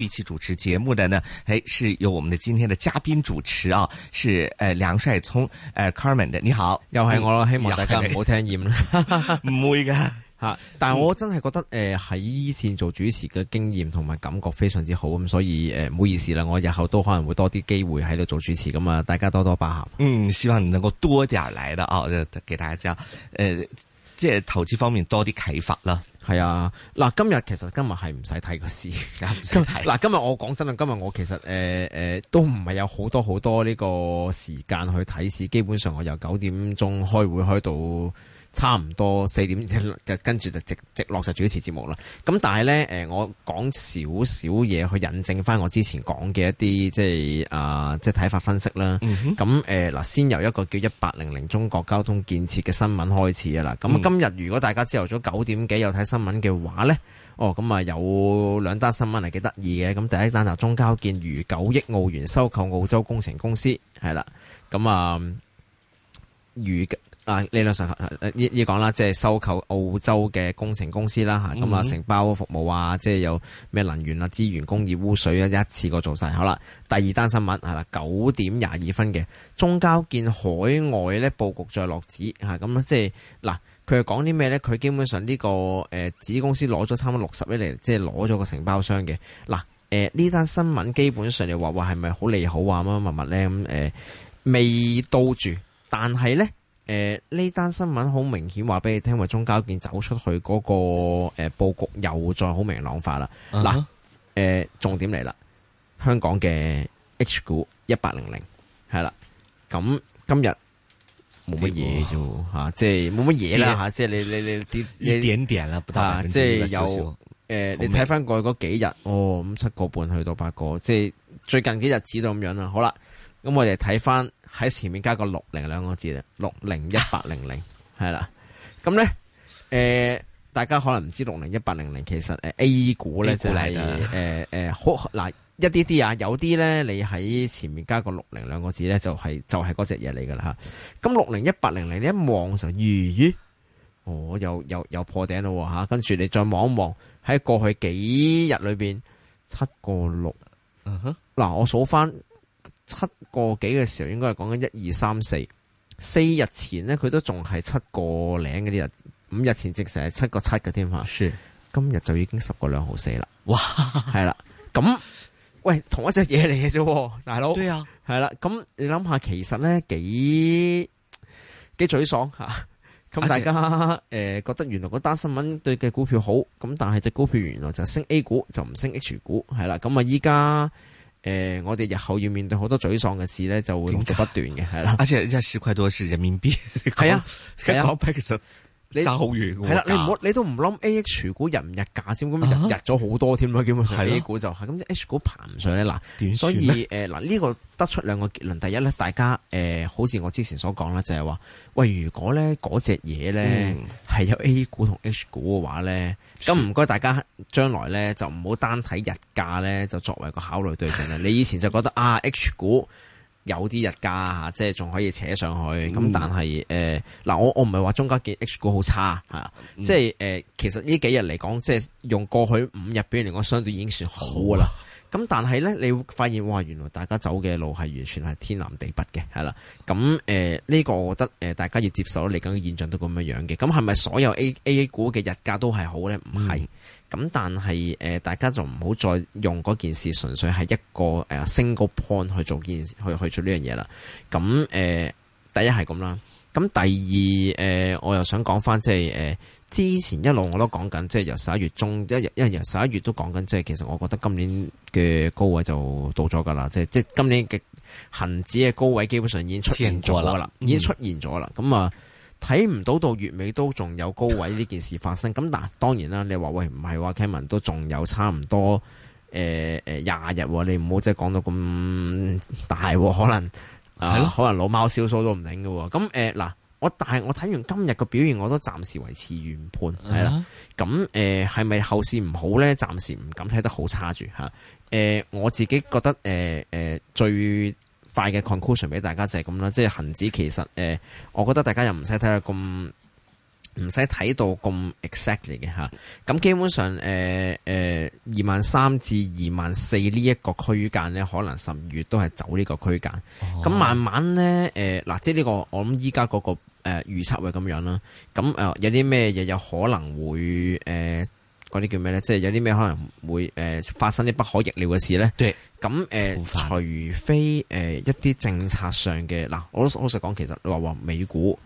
一起主持節目嘅呢？誒，是由我們的今天的嘉賓主持啊，是誒、呃、梁帥聰誒、呃、Carmen 你好，又係我，嗯、希望大家唔好聽厭啦，唔會噶吓，但係我真係覺得誒喺以前做主持嘅經驗同埋感覺非常之好咁，所以誒唔、呃、好意思啦，我日後都可能會多啲機會喺度做主持咁啊，大家多多包涵。嗯，希望你能夠多點嚟的啊、哦，就給大家，誒、呃。即係投資方面多啲啟發啦，係啊！嗱，今日其實今日係唔使睇個市，唔使睇。嗱 今日我講真啦，今日我其實誒誒、呃呃、都唔係有好多好多呢個時間去睇市，基本上我由九點鐘開會開到差唔多四點就跟住就直直落就主持節目啦。咁但係呢，誒，我講少少嘢去引證翻我之前講嘅一啲即係啊，即係睇、呃、法分析啦。咁誒嗱，先由一個叫一八零零中國交通建設嘅新聞開始啊啦。咁今日如果大家朝頭早九點幾有睇新聞嘅話呢，哦咁啊有兩單新聞係幾得意嘅。咁第一單就中交建逾九億澳元收購澳洲工程公司，係啦。咁、嗯、啊，逾。嗱，呢兩成依依講啦，即係收購澳洲嘅工程公司啦，吓咁啊，承包服務啊，即係有咩能源啊、資源、工業、污水啊，一次過做晒好啦。第二單新聞係啦，九點廿二分嘅中交建海外咧，布局再落子吓，咁即係嗱，佢係講啲咩咧？佢基本上呢個誒子公司攞咗差唔多六十億嚟，即係攞咗個承包商嘅嗱。誒呢單新聞基本上又話話係咪好利好啊？乜乜乜物咧咁誒未到住，但係咧。誒，呢單新聞好明顯話俾你聽，為中交建走出去嗰、那個誒、呃、布局又再好明朗化啦。嗱、uh，誒、huh. 呃、重點嚟啦，香港嘅 H 股一八零零係啦，咁、嗯、今日冇乜嘢啫，吓、啊，即係冇乜嘢啦，吓、啊，即係你你你跌一點點啦，即係有誒，你睇翻過去嗰幾日，哦，咁七個半去到八個，即係最近幾日子都咁樣啦。好啦。咁我哋睇翻喺前面加個六零兩個字咧，六零一八零零係啦。咁呢，誒，大家可能唔知六零一八零零其實誒 A 股呢就係誒誒，好嗱、呃呃、一啲啲啊，有啲呢，你喺前面加個六零兩個字呢、就係，就係就係嗰隻嘢嚟噶啦吓。咁六零一八零零呢，一望嘅時候，咦、呃？哦，又又又破頂咯吓。跟、啊、住你再望一望，喺過去幾日裏邊七個六。哼、uh，嗱、huh.，我數翻。七個幾嘅時候，應該係講緊一二三四四日前呢，佢都仲係七個零嗰啲日，五日前直成係七個七嘅添嘛。今日就已經十個兩毫四啦。哇，係啦，咁喂，同一隻嘢嚟嘅啫，大佬。對啊對，係啦，咁你諗下，其實呢幾幾沮爽吓。咁、啊、大家誒、呃、覺得原來嗰單新聞對嘅股票好，咁但係隻股票原來就升 A 股就唔升 H 股，係啦，咁啊依家。誒、呃，我哋日後要面對好多沮喪嘅事咧，就會持續不斷嘅係啦。而且即係十塊多係人民幣，係啊，講你爭好遠喎的，係啦錢，你唔好，你都唔諗 A H 股入唔入價先，咁入咗好多添啦，基本上 A 股就係咁啲 H 股爬唔上咧，嗱，所以誒嗱呢個得出兩個結論，第一咧，大家誒、呃、好似我之前所講啦，就係、是、話，喂，如果咧嗰隻嘢咧係有 A 股同 H 股嘅話咧，咁唔該大家將來咧就唔好單睇日價咧，就作為一個考慮對象啦。 你以前就覺得啊，H 股。有啲日加啊，即係仲可以扯上去，咁但係誒嗱，我我唔係話中間嘅 H 股好差嚇、嗯呃，即係誒其實呢幾日嚟講，即係用過去五日表嚟講，相對已經算好啦。哦。咁但係呢，你會發現哇，原來大家走嘅路係完全係天南地北嘅，係啦。咁誒呢個，我覺得誒大家要接受咯，嚟緊嘅現象都咁樣樣嘅。咁係咪所有 A A 股嘅日價都係好呢？唔係。咁、嗯、但係誒、呃，大家就唔好再用嗰件事，純粹係一個誒、呃、single point 去做呢件事去去做呢樣嘢啦。咁、呃、誒，第一係咁啦。咁第二誒、呃，我又想講翻即係誒。呃之前一路我都講緊，即係由十一月中一日一日由十一月都講緊，即係其實我覺得今年嘅高位就到咗噶啦，即係即係今年嘅恒指嘅高位基本上已經出現咗啦，國國嗯、已經出現咗啦。咁啊，睇唔到到月尾都仲有高位呢件事發生。咁 但當然啦，你話喂，唔係話 Kevin 都仲有差唔多誒誒廿日，你唔好即係講到咁大，可能係咯，可能老貓燒須都唔頂嘅喎。咁誒嗱。但我但係我睇完今日個表現，我都暫時維持原判，係啦。咁、嗯、誒，係咪、嗯嗯、後市唔好咧？暫時唔敢睇得好差住吓。誒、嗯，我自己覺得誒誒、嗯、最快嘅 conclusion 俾大家就係咁啦，即係恒指其實誒、嗯，我覺得大家又唔使睇得咁唔使睇到咁 exactly 嘅吓。咁、嗯、基本上誒誒二萬三至二萬四呢一個區間咧，可能十月都係走呢個區間。咁、嗯嗯、慢慢咧誒嗱，即係呢個我諗依家嗰個。誒，預測會咁樣啦，咁、呃、誒，有啲咩嘢有可能會誒，嗰、呃、啲叫咩呢？即係有啲咩可能會誒、呃，發生啲不可逆料嘅事呢？對，咁誒、呃，快除非誒、呃、一啲政策上嘅嗱、呃，我老實講，其實你話話、呃、美股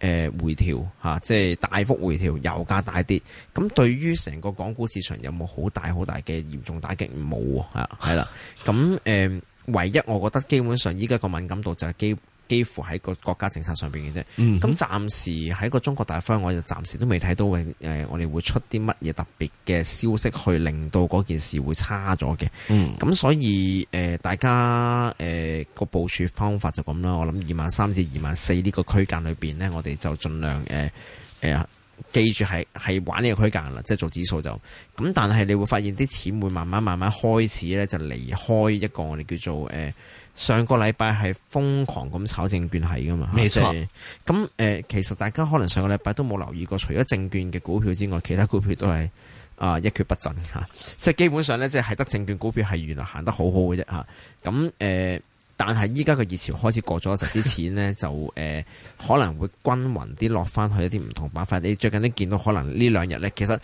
誒、呃、回調吓，即係大幅回調，油價大跌，咁對於成個港股市場有冇好大好大嘅嚴重打擊？冇啊，係啦、 嗯、咁、呃、誒，唯一我覺得基本上依家個敏感度就係基。幾乎喺個國家政策上邊嘅啫，咁、嗯、暫時喺個中國大方向，我就暫時都未睇到誒，我哋會出啲乜嘢特別嘅消息去令到嗰件事會差咗嘅。咁、嗯、所以誒、呃，大家誒、呃、個部署方法就咁啦。我諗二萬三至二萬四呢個區間裏邊呢，我哋就盡量誒誒、呃、記住係係玩呢個區間啦，即係做指數就咁。但係你會發現啲錢會慢慢慢慢開始呢，就離開一個我哋叫做誒。呃上個禮拜係瘋狂咁炒證券係噶嘛，即係咁誒。其實大家可能上個禮拜都冇留意過，除咗證券嘅股票之外，其他股票都係啊、呃、一蹶不振吓，即、啊、係基本上呢，即、就、係、是、得證券股票係原來行得好好嘅啫吓。咁、啊、誒、呃，但係依家嘅熱潮開始過咗，成、就、啲、是、錢呢 就誒、呃、可能會均匀啲落翻去一啲唔同板塊。你最近都見到可能呢兩日呢其實。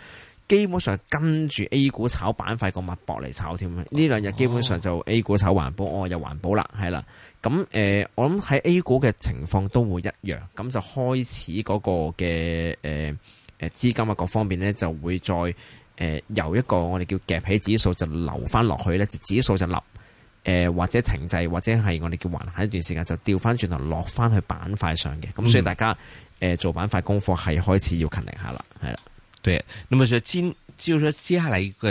基本上跟住 A 股炒板塊個脈搏嚟炒添。呢兩日基本上就 A 股炒環保，哦又環保啦，係啦。咁誒、呃，我諗喺 A 股嘅情況都會一樣，咁就開始嗰個嘅誒誒資金啊，各方面呢，就會再誒、呃、由一個我哋叫夾起指數就流翻落去呢，指數就立誒、呃、或者停滯，或者係我哋叫橫行一段時間就掉翻轉頭落翻去板塊上嘅。咁所以大家誒、嗯呃、做板塊功課係開始要勤力下啦，係啦。對，那麼說今，就是說接下來一個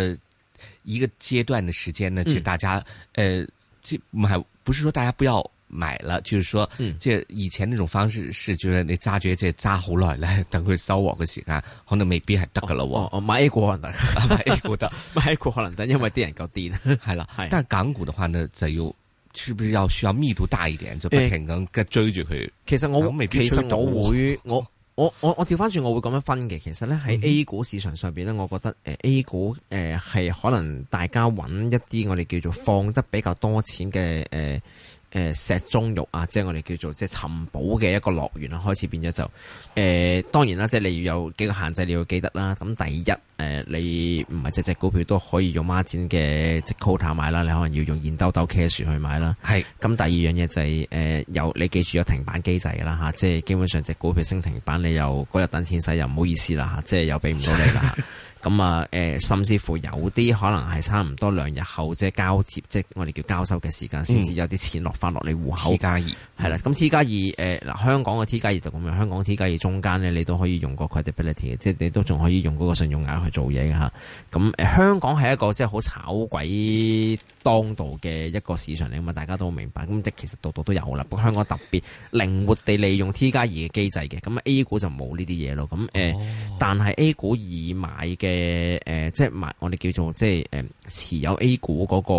一個階段的時間呢，其實大家，誒、嗯呃，這買，不是說大家不要買了，就是說，嗯，這以前那種方式是，就是你揸住，即係揸好耐咧，等佢收鑊嘅時間，可能未必係得噶咯、哦，哦，買一股可能，買一股得， 買一股可能得，因為啲人夠癲，係啦，係，但港股嘅話呢，就又，是不是要需要密度大一點，就不停咁嘅追住佢，哎、其實我，其實我會，我。我我我我調翻轉，我，我會咁樣分嘅。其實呢，喺 A 股市場上邊呢，我覺得誒 A 股誒係可能大家揾一啲我哋叫做放得比較多錢嘅誒。呃誒、呃，石中玉啊，即係我哋叫做即係尋寶嘅一個樂園啊，開始變咗就誒、呃，當然啦，即係你要有幾個限制，你要記得啦。咁第一，誒、呃，你唔係隻隻股票都可以用孖展嘅即係 cota 買啦，你可能要用現兜兜 cash 去買啦。係是。咁第二樣嘢就係、是、誒、呃，有你記住有停板機制㗎啦吓，即係基本上隻股票升停板，你又嗰日等錢使又唔好意思啦吓，即係又俾唔到你啦。 咁啊，誒，甚至乎有啲可能係差唔多兩日後，即係交接，即係我哋叫交收嘅時間，先至有啲錢落翻落你戶口。嗯、t 加二係啦，咁 T 加二誒嗱，香港嘅 T 加二就咁樣，香港 T 加二中間咧，你都可以用個 c r e d i b i l i t y 即係你都仲可以用嗰個信用額去做嘢嘅嚇。咁誒，香港係一個即係好炒鬼。當道嘅一個市場嚟啊嘛，大家都明白。咁即其實度度都，都，都有啦。不過香港特別 靈活地利用 T 加二嘅機制嘅，咁 A 股就冇呢啲嘢咯。咁、呃、誒，哦、但係 A 股已買嘅誒，即、呃、係、就是、買我哋叫做即係誒持有 A 股嗰、那個、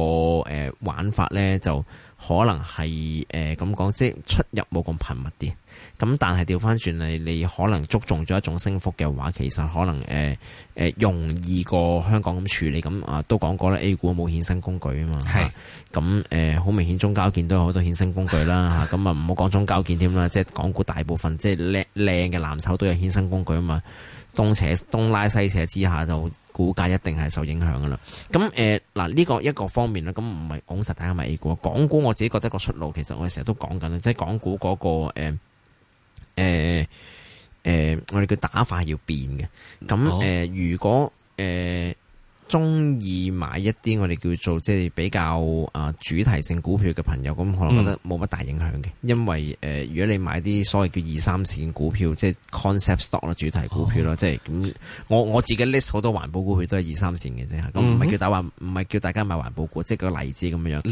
呃、玩法咧就。可能係誒咁講，即出入冇咁頻密啲。咁但係調返轉嚟，你可能捉中咗一種升幅嘅話，其實可能誒誒容易過香港咁處理。咁、呃、啊都講過啦，A、欸、股冇衍生工具啊嘛。係咁誒，好、啊嗯呃、明顯中交建都有好多衍生工具啦。咁啊唔好講中交建添啦，即係港股大部分即係靚靚嘅藍籌都有衍生工具啊嘛。東扯東拉西扯之下，就股價一定係受影響噶啦。咁誒，嗱、呃、呢、這個一個方面啦。咁唔係講實，大家咪估啊。港股我自己覺得個出路，其實我成日都講緊啦，即係港股嗰、那個誒誒誒，我哋叫打法要變嘅。咁誒、呃，如果誒。呃中意買一啲我哋叫做即係比較啊主題性股票嘅朋友，咁可能覺得冇乜大影響嘅，因為誒，如果你買啲所謂叫二三線股票，即係 concept stock 啦，主題股票啦，哦、即係咁，我我自己 list 好多環保股票都係二三線嘅啫，咁唔係叫大話，唔係叫大家買環保股，即係、嗯、個例子咁樣樣。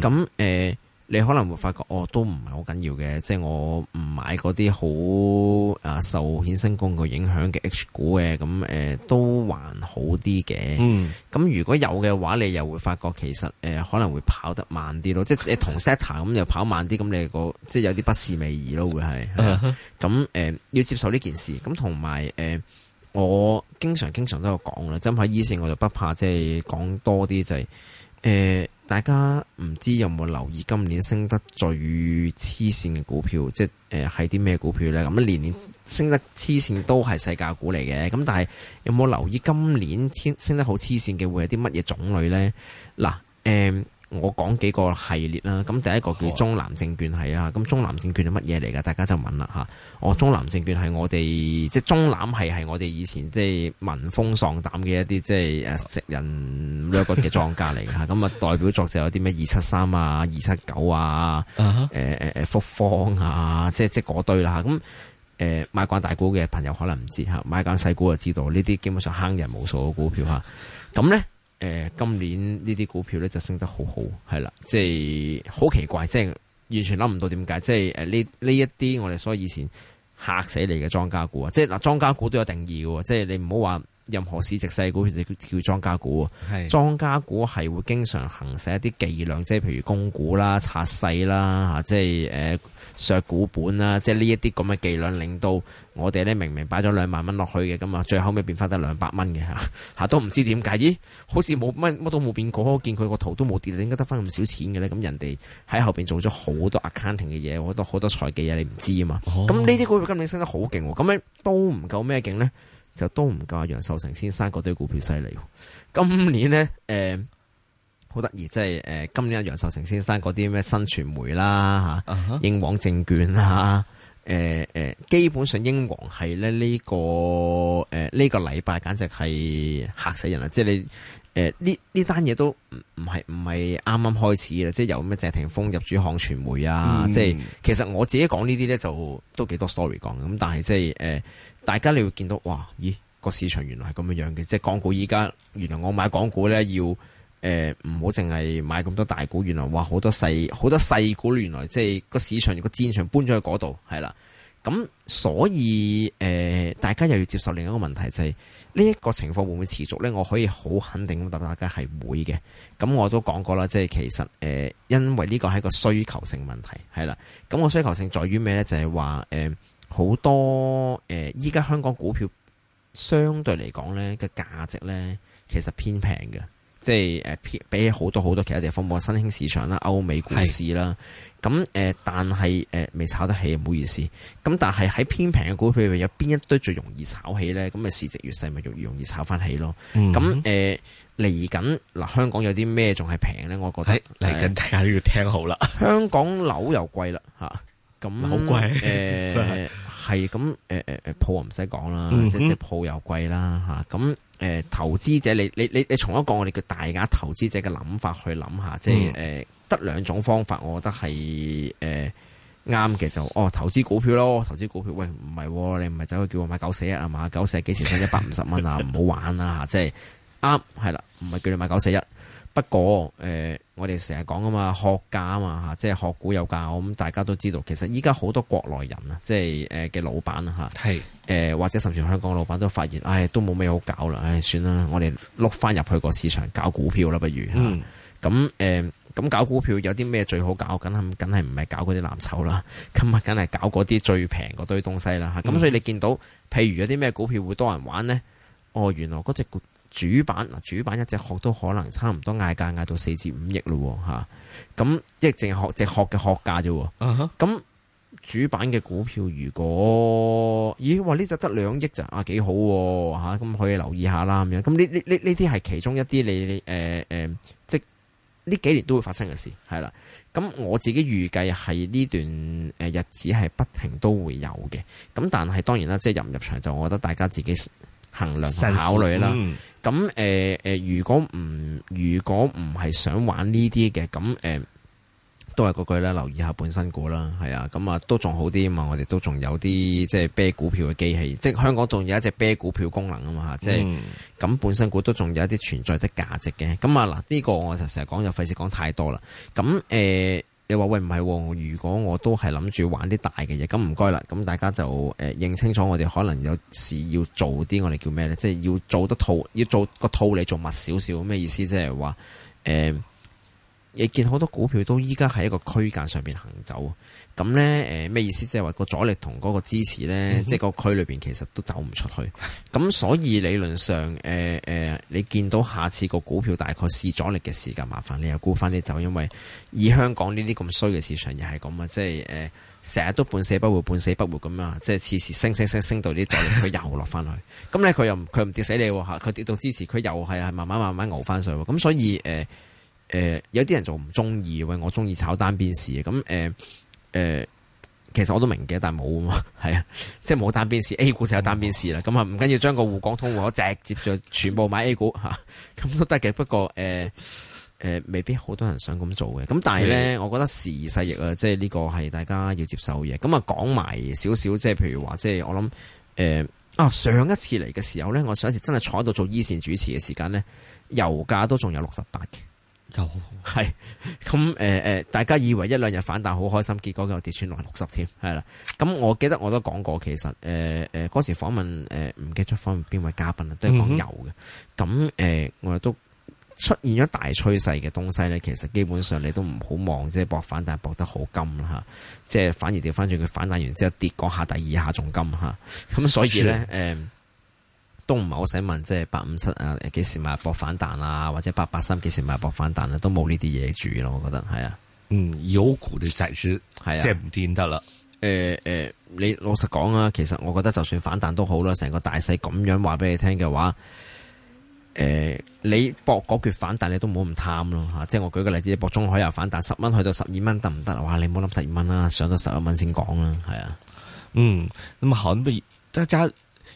咁、嗯、誒。你可能會發覺哦，都唔係好緊要嘅，即係我唔買嗰啲好啊受衍生工具影響嘅 H 股嘅，咁、呃、誒都還好啲嘅。咁、嗯、如果有嘅話，你又會發覺其實誒、呃、可能會跑得慢啲咯，即係你同 setter 咁又跑慢啲，咁 你個即係有啲不是味兒咯，會係。咁誒、 呃、要接受呢件事，咁同埋誒我經常經常都有講啦，真係以性我就不怕講、就是，即係講多啲就係誒。大家唔知有冇留意今年升得最黐線嘅股票，即係啲咩股票呢？咁年年升得黐線都係世界股嚟嘅，咁但係有冇留意今年升升得好黐線嘅會係啲乜嘢種類呢？嗱，誒、呃。我講幾個系列啦，咁第一個叫中南證券係啊，咁中南證券係乜嘢嚟噶？大家就問啦嚇。我、哦、中南證券係我哋即係中南係係我哋以前即係聞風喪膽嘅一啲即係誒食人掠國嘅莊家嚟嘅嚇。咁啊代表作就有啲咩二七三啊、二七九啊、誒誒誒復方啊，即係即係嗰堆啦。咁誒買慣大股嘅朋友可能唔知嚇，買慣細股就知道呢啲基本上坑人無數嘅股票嚇。咁咧。誒今年呢啲股票咧就升得好好，係啦，即係好奇怪，即係完全諗唔到點解，即係誒呢呢一啲我哋所以以前嚇死你嘅莊家股啊，即係嗱莊家股都有定義嘅即係你唔好話，任何市值細股，其實叫莊家股。是莊家股係會經常行使一啲伎倆，即係譬如供股啦、拆細啦，嚇，即係誒削股本啦，即係呢一啲咁嘅伎倆，令到我哋咧明明擺咗兩萬蚊落去嘅，咁啊，最後尾變翻得兩百蚊嘅，嚇 嚇都唔知點解，咦？好似冇乜乜都冇變過，見佢個圖都冇跌，點解得翻咁少錢嘅咧？咁人哋喺後邊做咗好多 accounting 嘅嘢，好多好多財技嘢，你唔知啊嘛。咁呢啲股票今年升得好勁，咁樣都唔夠咩勁咧？就都唔夠阿楊受成先生嗰堆股票犀利。今年呢，誒好得意，即係誒今年啊，楊受成先生嗰啲咩新傳媒啦嚇，啊 uh huh. 英皇證券啦、啊，誒、呃、誒，基本上英皇係咧呢個誒呢、呃這個禮拜簡直係嚇死人啦！即、就、係、是、你誒呢呢單嘢都唔唔係唔係啱啱開始嘅，即係由咩謝霆鋒入主漢傳媒啊，即係、mm hmm. 就是、其實我自己講呢啲咧就都幾多 story 講咁，但係即係誒。呃大家你會見到哇，咦個市場原來係咁樣樣嘅，即係港股依家原來我買港股呢，要誒唔好淨係買咁多大股，原來哇，好多細好多細股，原來即係個市場個戰場搬咗去嗰度，係啦。咁所以誒、呃、大家又要接受另一個問題就係呢一個情況會唔會持續呢？我可以好肯定咁答大家係會嘅。咁我都講過啦，即係其實誒、呃、因為呢個係個需求性問題，係啦。咁、個需求性在於咩呢？就係話誒。呃好多誒，依家香港股票相對嚟講咧嘅價值咧，其實偏平嘅，即係誒比起好多好多其他地方，無論新興市場啦、歐美股市啦，咁誒是，但係誒未炒得起，唔好意思。咁但係喺偏平嘅股票，有邊一堆最容易炒起咧？咁咪市值越細，咪越容易炒翻起咯。咁誒嚟緊嗱，香港有啲咩仲係平咧？我覺得嚟緊大家都要聽好啦。香港樓又貴啦嚇，咁好 麼貴誒。欸 係咁，誒誒誒，鋪我唔使講啦，即係鋪又貴啦吓。咁誒，投資者你你你你從一個我哋叫大額投資者嘅諗法去諗下，嗯、即係誒、呃，得兩種方法，我覺得係誒啱嘅就，哦，投資股票咯，投資股票。喂，唔係，你唔係走去叫我買九四一啊嘛？九四一幾時升一百五十蚊啊？唔好玩啦，啊、吓， 即係啱係啦，唔係叫你買九四一。不過誒、呃，我哋成日講啊嘛，學家啊嘛嚇，即係學股有價，我咁大家都知道。其實依家好多國內人、呃、啊，即係誒嘅老闆啊嚇，誒或者甚至香港老闆都發現，唉，都冇咩好搞啦，唉，算啦，我哋碌翻入去個市場搞股票啦，不如咁誒，咁、啊嗯呃、搞股票有啲咩最好搞？梗係梗係唔係搞嗰啲藍籌啦？咁啊梗係搞嗰啲最平嗰堆東西啦嚇。咁、啊嗯、所以你見到譬如有啲咩股票會多人玩呢？哦，原來嗰隻、那個、股。主板嗱，主板一隻殼都可能差唔多嗌價嗌到四至五億咯，吓咁即係淨係殼，隻殼嘅殼價啫。咁、uh huh. 主板嘅股票如果咦？哇，話呢隻得兩億咋？啊，幾好吓、啊、咁、啊、可以留意下啦。咁樣咁呢呢呢呢啲係其中一啲你誒誒、呃呃，即呢幾年都會發生嘅事，係啦。咁、啊、我自己預計係呢段誒日子係不停都會有嘅。咁但係當然啦，即係入唔入場就我覺得大家自己。衡量考慮啦，咁誒誒，如果唔如果唔係想玩呢啲嘅，咁誒都係嗰句啦，留意下本身股啦，係啊，咁啊都仲好啲啊嘛，我哋都仲有啲即係啤股票嘅機器，即係香港仲有一隻啤股票功能啊嘛，吓，即係咁本身股都仲有一啲存在嘅價值價值嘅，咁啊嗱呢個我就成日講就費事講太多啦，咁誒。呃你話喂唔係喎？如果我都係諗住玩啲大嘅嘢，咁唔該啦。咁大家就誒、呃、認清楚，我哋可能有事要做啲，我哋叫咩咧？即係要做得套，要做個套，你做，做密少少咩意思？即係話誒。亦見好多股票都依家喺一個區間上邊行走，咁呢，誒、呃、咩意思？即係話個阻力同嗰個支持呢，即係個區裏邊其實都走唔出去。咁 所以理論上誒誒、呃呃，你見到下次個股票大概試阻力嘅時間，麻煩你又沽翻啲走。因為以香港呢啲咁衰嘅市場又係咁啊，即係誒成日都半死不活，半死不活咁啊！即係次次升升升升到啲阻力，佢又落翻去。咁 呢佢又佢唔跌死你吓，佢跌到支持，佢又係慢慢慢慢熬翻上去咁，所以誒。呃呃誒、呃，有啲人就唔中意，喂，我中意炒單邊市咁。誒、呃，誒、呃，其實我都明嘅，但係冇啊嘛，係啊，即係冇單邊市 A 股就有單邊市啦。咁啊，唔緊要，將個滬港通戶口直接就全部買 A 股吓，咁都得嘅。不過誒，誒、呃呃，未必好多人想咁做嘅。咁但係咧， 我覺得時移世易啊，即係呢個係大家要接受嘅嘢。咁啊，講埋少少，即係譬如話，即係我諗誒、呃、啊，上一次嚟嘅時候咧，我上一次真係坐喺度做依線主持嘅時間咧，油價都仲有六十八嘅。係，咁誒誒，好好 大家以為一兩日反彈好開心，結果，結果又跌穿落六十添，係啦。咁我記得我都講過，其實誒誒，嗰、呃呃、時訪問誒，唔、呃、記得訪問邊位嘉賓啦，都係講油嘅。咁誒、嗯哼 呃，我亦都出現咗大趨勢嘅東西咧。其實基本上你都唔好望，即係博反彈博得好金啦吓，即係反而掉翻轉，佢反彈完之後跌嗰下第二下仲金吓。咁所以咧，誒、嗯。嗯都唔係好想問，即係八五七啊，幾時買博反彈啊？或者八八三幾時買博反彈啊？都冇呢啲嘢住咯，我覺得係啊。嗯，有股就係輸，係啊，即係唔掂得啦。誒誒、呃呃，你老實講啊，其實我覺得就算反彈都好啦，成個大勢咁樣話俾你聽嘅話，誒、呃，你博嗰橛反彈，你都冇咁貪咯吓。即係我舉個例子，你博中海油反彈十蚊去到十二蚊得唔得啊？哇，你唔好諗十二蚊啦，上到十一蚊先講啦，係啊。嗯，咁好，不如揸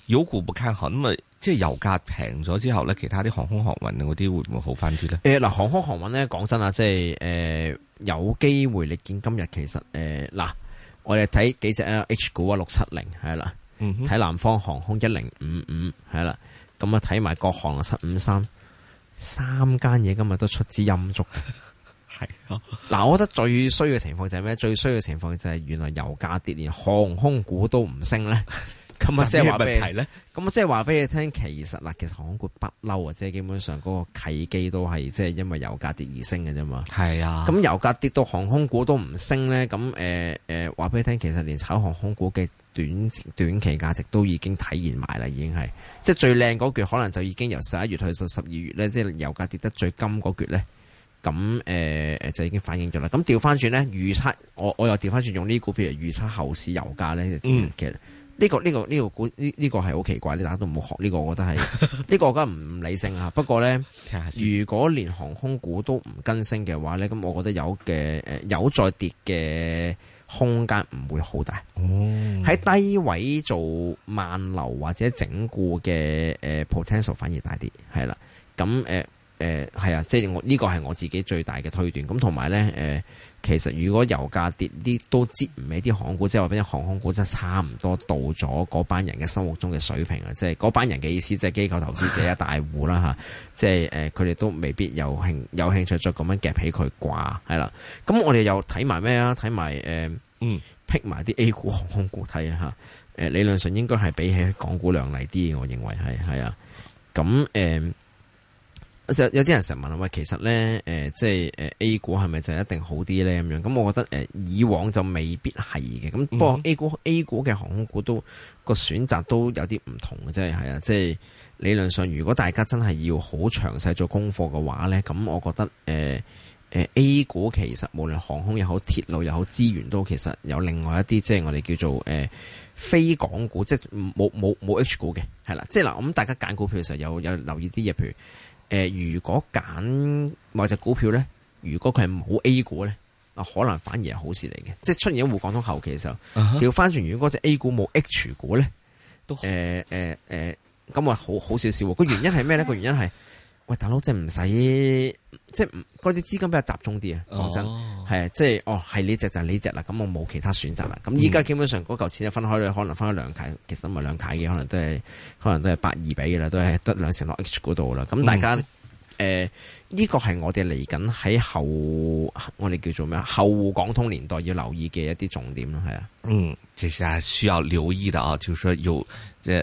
妖股不靠航咁啊，即係油價平咗之後咧，其他啲航空航運嗰啲會唔會好翻啲咧？誒、欸，嗱、呃，航空航運咧，講真、呃呃、啊，即係誒，有機會你見今日其實誒，嗱，我哋睇幾隻啊，H 股啊，六七零係啦，睇、嗯、哼南方航空一零五五係啦，咁啊睇埋國航七五三，三間嘢今日都出之陰燭，係，嗱，我覺得最衰嘅情況就係咩？最衰嘅情況就係原來油價跌，連航空股都唔升咧。 咁啊，即係話咩咧？咁即係話俾你聽，其實嗱，其實航空股不嬲啊，即係基本上嗰個契機都係即係因為油價跌而升嘅啫嘛。係啊。咁油價跌到航空股都唔升呢？咁誒誒，話、呃、俾、呃、你聽，其實連炒航空股嘅短短期價值都已經體現埋啦，已經係即係最靚嗰橛，可能就已經由十一月去到十二月呢，即、就、係、是、油價跌得最金嗰橛咧，咁誒、呃、就已經反映咗啦。咁調翻轉呢，預測我我又調翻轉用呢股票嚟預測後市油價呢。其實、嗯。呢、這個呢、這個呢、這個股呢，呢個係好奇怪，你大家都冇學呢、這個，我覺得係呢 個梗係唔理性啊！不過呢，如果連航空股都唔跟升嘅話呢，咁我覺得有嘅誒有再跌嘅空間唔會好大。喺、哦、低位做慢流或者整固嘅誒 potential 反而大啲，係啦，咁誒。呃誒係、嗯、啊，即係我呢個係我自己最大嘅推斷。咁同埋咧，誒、呃、其實如果油價跌啲，都接唔起啲航股，即係話畀啲航空股真係、就是、差唔多到咗嗰班人嘅生活中嘅水平啊！即係嗰班人嘅意思，即係機構投資者啊、大戶啦嚇，即係誒佢哋都未必有興有興趣再咁樣夾起佢掛，係啦。咁我哋又睇埋咩啊？睇埋誒，呃、嗯，闢埋啲 A 股航空股睇下，嚇、啊。理論上應該係比起港股量嚟啲，我認為係係啊。咁誒、啊。嗯嗯嗯嗯有啲人成問啊，喂，其實呢，誒，即係誒，A 股係咪就一定好啲呢？咁樣咁，我覺得誒，以往就未必係嘅。咁、嗯、不過 A 股 A 股嘅航空股都個選擇都有啲唔同嘅，即係係啊，即係理論上，如果大家真係要好詳細做功課嘅話呢，咁我覺得誒誒 A 股其實無論航空又好，鐵路又好，資源都其實有另外一啲，即係我哋叫做誒非港股，即係冇冇冇 H 股嘅係啦。即係嗱，咁大家揀股票嘅時候有有留意啲嘢，譬如。誒、呃，如果揀某隻股票咧，如果佢係冇 A 股咧，啊，可能反而係好事嚟嘅，即係出現咗滬港通後期嘅時候，掉翻轉，如果隻 A 股冇 H 股咧，都誒誒誒，咁、huh. 話、呃呃呃、好好少少。個原因係咩咧？個 原因係。喂，大佬，即係唔使，即係嗰啲資金比較集中啲啊！講真，係啊、哦，即、就、係、是、哦，係呢隻就係呢隻啦，咁我冇其他選擇啦。咁依家基本上嗰嚿錢就分開，可能分咗兩契，其實唔係兩契嘅，可能都係，可能都係八二比嘅啦，都係得兩成落 H 嗰度啦。咁大家誒，呢、嗯呃這個係我哋嚟緊喺後，我哋叫做咩啊？後滬港通年代要留意嘅一啲重點咯，係啊。嗯，其實需要留意的啊，就說、是、有誒。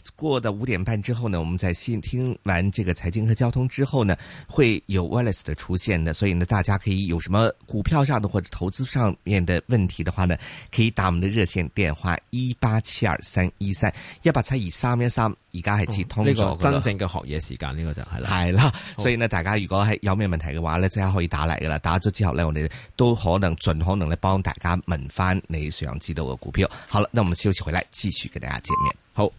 過的五點半之後呢，我們在先聽完這個財經和交通之後呢，會有 Wallace 的出現的。所以呢，大家可以有什麼股票上的或者投資上面的問題的話呢，可以打我們的熱線電話一八七二三一三。1872313, 要把他以上面上以而家接通。哦，這個真正嘅學嘢時間呢，這個就係啦，係啦，哦。所以呢，大家如果係有咩問題嘅話咧，即刻可以打嚟噶啦。打咗之後咧，我哋都可能盡可能咧幫大家問翻你想知道嘅股票。好了，那我們休息回來繼續跟大家見面。好。